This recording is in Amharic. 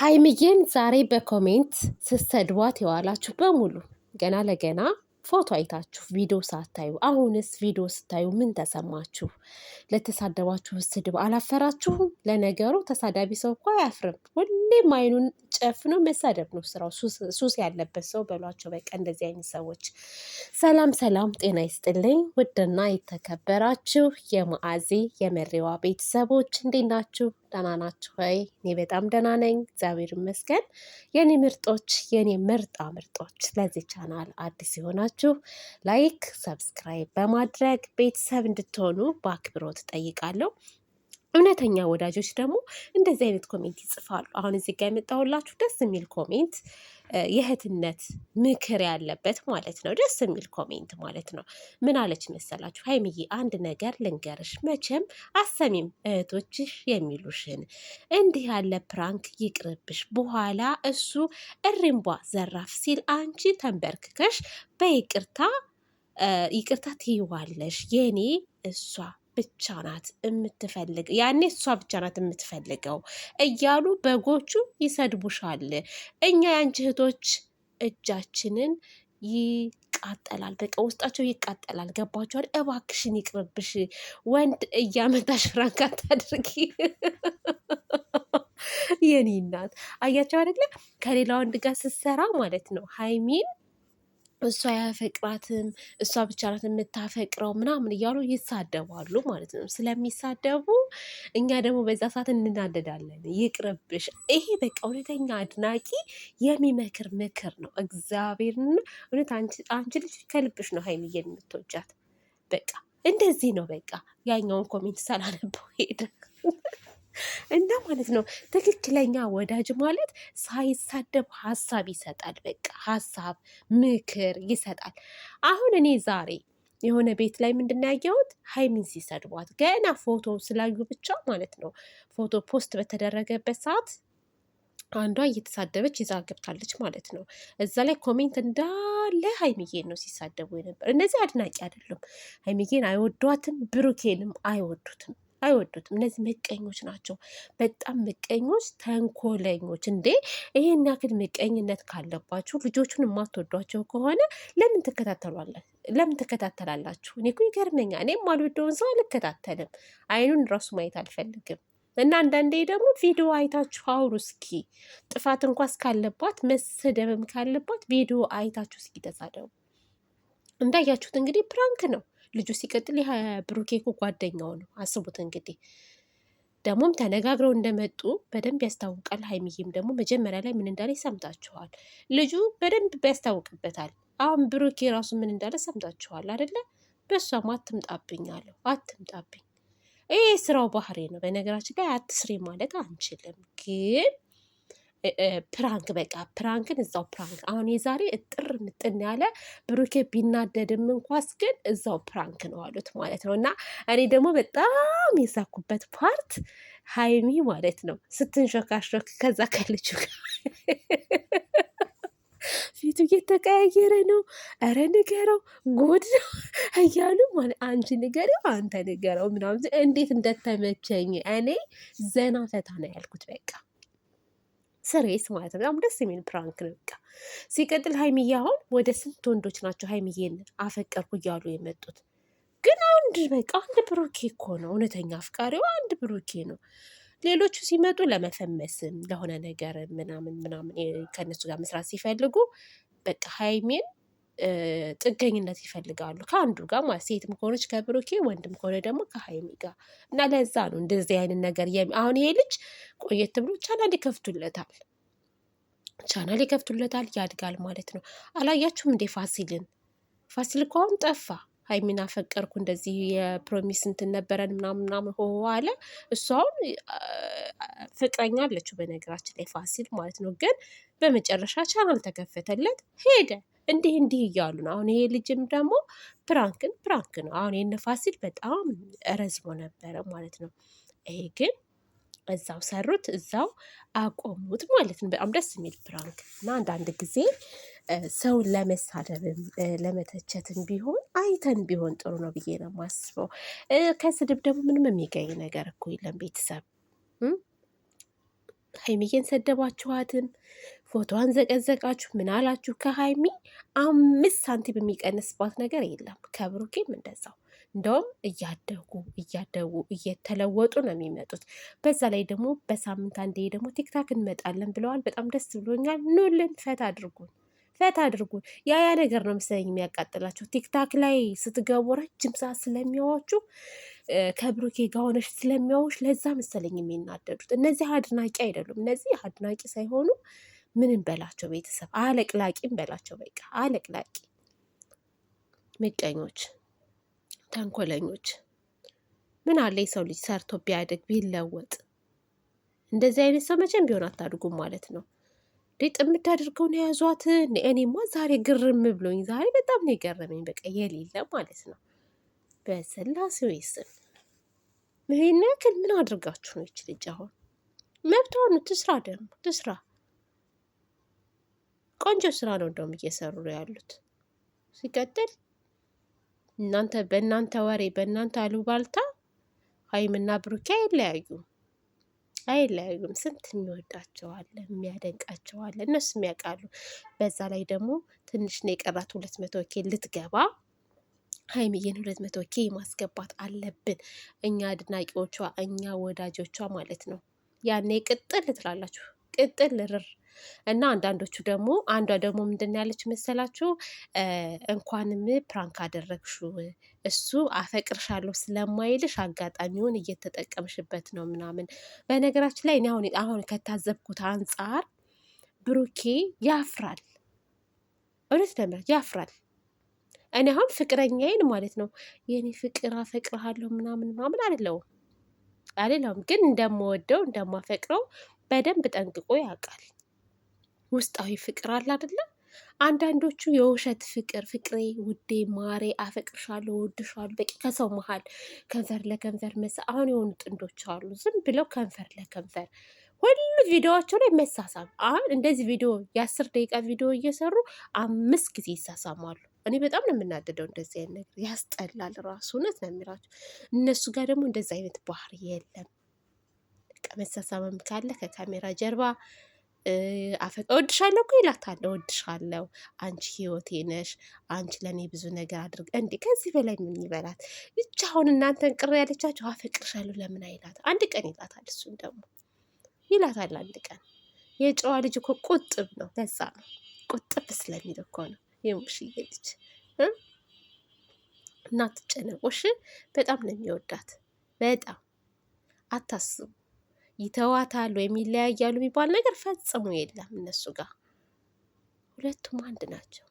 ሀይሚዬን ዛሬ በኮሜንት ስትሰድቧት የዋላችሁ በሙሉ ገና ለገና ፎቶ አይታችሁ ቪዲዮ ሳታዩ አሁንስ ቪዲዮ ስታዩ ምን ተሰማችሁ? ለተሳደባችሁ ስድብ አላፈራችሁም? ለነገሩ ተሳዳቢ ሰው እኮ አያፍርም። ሁሌም አይኑን ጨፍኖ መሳደብ ነው ስራው። ሱስ ያለበት ሰው በሏቸው። በቃ እንደዚህ አይነት ሰዎች። ሰላም ሰላም፣ ጤና ይስጥልኝ ውድና የተከበራችሁ የማአዚ የመሪዋ ቤተሰቦች እንዴት ናችሁ? ደህና ናችሁ ወይ? እኔ በጣም ደህና ነኝ፣ እግዚአብሔር ይመስገን። የኔ ምርጦች፣ የኔ ምርጣ ምርጦች፣ ለዚህ ቻናል አዲስ የሆናችሁ ካላችሁ ላይክ፣ ሰብስክራይብ በማድረግ ቤተሰብ እንድትሆኑ በአክብሮት ጠይቃለሁ። እውነተኛ ወዳጆች ደግሞ እንደዚህ አይነት ኮሜንት ይጽፋሉ። አሁን እዚህ ጋር የመጣሁላችሁ ደስ የሚል ኮሜንት የእህትነት ምክር ያለበት ማለት ነው። ደስ የሚል ኮሜንት ማለት ነው። ምን አለች መሰላችሁ? ሀይምዬ አንድ ነገር ልንገርሽ፣ መቼም አሰሚም እህቶችሽ የሚሉሽን እንዲህ ያለ ፕራንክ ይቅርብሽ። በኋላ እሱ እሪምቧ ዘራፍ ሲል አንቺ ተንበርክከሽ በይቅርታ ይቅርታ ትይዋለሽ የኔ እሷ ብቻ ናት የምትፈልግ ያኔ እሷ ብቻ ናት የምትፈልገው እያሉ በጎቹ ይሰድቡሻል። እኛ የአንቺ እህቶች እጃችንን ይቃጠላል። በቃ ውስጣቸው ይቃጠላል። ገባችኋል? እባክሽን ይቅርብሽ፣ ወንድ እያመጣሽ ራንካ ታድርጊ። የኔ እናት አያቸው አይደለ? ከሌላ ወንድ ጋር ስትሰራ ማለት ነው ሀይሚን እሷ አያፈቅራትም እሷ ብቻ ናት የምታፈቅረው ምናምን እያሉ ይሳደባሉ ማለት ነው። ስለሚሳደቡ እኛ ደግሞ በዛ ሰዓት እንናደዳለን። ይቅርብሽ። ይሄ በቃ እውነተኛ አድናቂ የሚመክር ምክር ነው። እግዚአብሔርና እውነት አንቺ ልጅ ከልብሽ ነው ሀይሚዬን የምትወጃት። በቃ እንደዚህ ነው። በቃ ያኛውን ኮሜንት ሳላነበው ሄደ። እና ማለት ነው ትክክለኛ ወዳጅ ማለት ሳይሳደብ ሀሳብ ይሰጣል። በቃ ሀሳብ ምክር ይሰጣል። አሁን እኔ ዛሬ የሆነ ቤት ላይ ምንድን ነው ያየሁት? ሀይሚን ሲሰድቧት ገና ፎቶ ስላዩ ብቻ ማለት ነው። ፎቶ ፖስት በተደረገበት ሰዓት አንዷ እየተሳደበች ይዛ ገብታለች ማለት ነው። እዛ ላይ ኮሜንት እንዳለ ሀይሚዬን ነው ሲሳደቡ ነበር። እነዚህ አድናቂ አይደሉም። ሀይሚዬን አይወዷትም፣ ብሩኬንም አይወዱትም። አይወዱትም። እነዚህ ምቀኞች ናቸው፣ በጣም ምቀኞች፣ ተንኮለኞች። እንዴ ይሄን ያክል ምቀኝነት ካለባችሁ ልጆቹን የማትወዷቸው ከሆነ ለምን ትከታተሏለን? ለምን ትከታተላላችሁ? እኔ እኮ ይገርመኛል። እኔ አልወደውን ሰው አልከታተልም። አይኑን ራሱ ማየት አልፈልግም። እና አንዳንዴ ደግሞ ቪዲዮ አይታችሁ አውሩ እስኪ። ጥፋት እንኳ እስካለባት መሰደብም ካለባት ቪዲዮ አይታችሁ እስኪ ተሳደቡ። እንዳያችሁት እንግዲህ ፕራንክ ነው። ልጁ ሲቀጥል የብሩኬ ኮ ጓደኛው ነው። አስቡት እንግዲህ ደግሞም ተነጋግረው እንደመጡ በደንብ ያስታውቃል። ሀይሚዬም ደግሞ መጀመሪያ ላይ ምን እንዳለ ይሰምታችኋል። ልጁ በደንብ ያስታውቅበታል። አሁን ብሩኬ ራሱ ምን እንዳለ ሰምታችኋል አደለ? በእሷም አትምጣብኝ አለው። አትምጣብኝ ይህ ስራው ባህሪ ነው። በነገራችን ላይ አትስሬ ማለት አንችልም ግን ፕራንክ በቃ ፕራንክን እዛው ፕራንክ። አሁን የዛሬ እጥር ምጥን ያለ ብሩኬ ቢናደድም እንኳስ ግን እዛው ፕራንክ ነው አሉት ማለት ነው። እና እኔ ደግሞ በጣም የሳኩበት ፓርት ሀይሚ ማለት ነው ስትንሾካሾክ ከዛ ከልጁ ፊቱ እየተቀያየረ ነው። ኧረ ንገረው ጉድ ነው እያሉ ማለት አንቺ ንገረው፣ አንተ ንገረው ምናምን እንዴት እንደተመቸኝ እኔ ዘና ፈታ ነው ያልኩት በቃ ስሬስ ማለት ነው። በጣም ደስ የሚል ፕራንክ ነው። በቃ ሲቀጥል ሀይሚዬ አሁን ወደ ስንት ወንዶች ናቸው ሀይሚዬን አፈቀርኩ እያሉ የመጡት ግን አንድ በቃ አንድ ብሩኬ እኮ ነው እውነተኛ አፍቃሪው አንድ ብሩኬ ነው። ሌሎቹ ሲመጡ ለመፈመስም ለሆነ ነገር ምናምን ምናምን ከእነሱ ጋር መስራት ሲፈልጉ በቃ ሀይሜን ጥገኝነት ይፈልጋሉ ከአንዱ ጋር ማለት ሴትም ከሆነች ከብሩኬ ወንድም ከሆነ ደግሞ ከሀይሚ ጋር እና ለዛ ነው እንደዚህ አይነት ነገር አሁን ይሄ ልጅ ቆየት ብሎ ቻናል ይከፍቱለታል ቻናል ይከፍቱለታል ያድጋል ማለት ነው አላያችሁም እንዴ ፋሲልን ፋሲል እኮ አሁን ጠፋ ሀይሚን አፈቀርኩ እንደዚህ የፕሮሚስ እንትን ነበረን ምናምናም ሆሆ አለ እሱ ፍቅረኛ አለችው በነገራችን ላይ ፋሲል ማለት ነው ግን በመጨረሻ ቻናል ተከፈተለት ሄደ እንዲህ እንዲህ እያሉ ነው። አሁን ይሄ ልጅም ደግሞ ፕራንክን ፕራንክ ነው። አሁን ይህን ፋሲል በጣም ረዝሞ ነበረ ማለት ነው። ይሄ ግን እዛው ሰሩት፣ እዛው አቆሙት ማለት ነው። በጣም ደስ የሚል ፕራንክ እና አንዳንድ ጊዜ ሰውን ለመሳደብም ለመተቸትም ቢሆን አይተን ቢሆን ጥሩ ነው ብዬ ነው የማስበው። ከስድብ ደግሞ ምንም የሚገኝ ነገር እኮ የለም ቤተሰብ ሀይሚዬን ሰደባችኋትም ፎቶዋን ዘቀዘቃችሁ ምን አላችሁ? ከሀይሚ አምስት ሳንቲም የሚቀንስባት ነገር የለም። ከብሩኬም እንደዛው። እንደውም እያደጉ እያደጉ እየተለወጡ ነው የሚመጡት። በዛ ላይ ደግሞ በሳምንት አንዴ ደግሞ ቲክታክ እንመጣለን ብለዋል። በጣም ደስ ብሎኛል። ኑልን፣ ፈታ አድርጉን ፈት አድርጉ። ያ ያ ነገር ነው መሰለኝ የሚያቃጥላቸው። ቲክታክ ላይ ስትገቡ ረጅም ሰዓት ስለሚያዋችሁ ከብሩኬ ጋር ሆነሽ ስለሚያውሽ ለዛ መሰለኝ የሚናደዱት። እነዚህ አድናቂ አይደሉም። እነዚህ አድናቂ ሳይሆኑ ምንም በላቸው ቤተሰብ አለቅላቂም በላቸው በቃ አለቅላቂ ምቀኞች፣ ተንኮለኞች። ምን አለ የሰው ልጅ ሰርቶ ቢያደግ ቢለወጥ። እንደዚህ አይነት ሰው መቼም ቢሆን አታድጉም ማለት ነው። ዴጥ የምታደርገው ነው የያዟት። እኔማ ዛሬ ግርም ብሎኝ፣ ዛሬ በጣም ነው የገረመኝ። በቃ የሌለ ማለት ነው። በስላሴ ስም ይሄን ያክል ምን አድርጋችሁ ነው ይች ልጅ? አሁን መብቷ ነው፣ ትስራ ደግሞ ትስራ። ቆንጆ ስራ ነው እንደውም እየሰሩ ያሉት። ሲቀጥል እናንተ በእናንተ ወሬ በእናንተ አሉባልታ ሀይምና ብሩኬ አይለያዩም አይለያዩም። ስንት የሚወዳቸዋለ የሚያደንቃቸዋለ እነሱ የሚያውቃሉ። በዛ ላይ ደግሞ ትንሽ ነው የቀራት ሁለት መቶ ኬ ልትገባ ሀይሚዬን ሁለት መቶ ኬ ማስገባት አለብን እኛ አድናቂዎቿ እኛ ወዳጆቿ ማለት ነው። ያኔ ቅጥል ትላላችሁ ቅጥል ርር እና አንዳንዶቹ ደግሞ አንዷ ደግሞ ምንድን ያለች መሰላችሁ እንኳንም ፕራንክ አደረግሽው እሱ አፈቅርሻለሁ ስለማይልሽ አጋጣሚውን እየተጠቀምሽበት ነው ምናምን። በነገራችን ላይ እኔ አሁን ከታዘብኩት አንጻር ብሩኬ ያፍራል፣ እውነት ለምራ ያፍራል። እኔ አሁን ፍቅረኛዬን ማለት ነው የኔ ፍቅር አፈቅርሃለሁ ምናምን ምናምን አልለውም አልለውም፣ ግን እንደምወደው እንደማፈቅረው በደንብ ጠንቅቆ ያውቃል። ውስጣዊ ፍቅር አለ አደለ? አንዳንዶቹ የውሸት ፍቅር ፍቅሬ፣ ውዴ፣ ማሬ፣ አፈቅርሻለሁ፣ እወድሻለሁ በቂ ከሰው መሀል ከንፈር ለከንፈር መሳ አሁን የሆኑ ጥንዶች አሉ ዝም ብለው ከንፈር ለከንፈር ሁሉ ቪዲዮዋቸው ላይ መሳሳም። አሁን እንደዚህ ቪዲዮ የአስር ደቂቃ ቪዲዮ እየሰሩ አምስት ጊዜ ይሳሳማሉ። እኔ በጣም ነው የምናደደው እንደዚህ አይነት ነገር ያስጠላል። ራሱ እውነት ነው የሚላቸው። እነሱ ጋር ደግሞ እንደዚህ አይነት ባህሪ የለም። መሳሳምም ካለ ከካሜራ ጀርባ እወድሻለሁ እኮ ይላታል። እወድሻለሁ፣ አንቺ ህይወቴ ነሽ፣ አንቺ ለእኔ ብዙ ነገር አድርግ። እንዴ ከዚህ በላይ ምን ይበላት? ይቺ አሁን እናንተን ቅር ያለቻቸው አፈቅርሻለሁ ለምን አይላት? አንድ ቀን ይላታል። እሱን ደግሞ ይላታል አንድ ቀን። የጨዋ ልጅ እኮ ቁጥብ ነው። ለዛ ነው ቁጥብ ስለሚል እኮ ነው የሙሽዬ ልጅ እናትጨነቆሽ በጣም ነው የሚወዳት በጣም አታስቡ። ይተዋታል ወይም ይለያያሉ የሚባል ነገር ፈጽሞ የለም እነሱ ጋር። ሁለቱም አንድ ናቸው።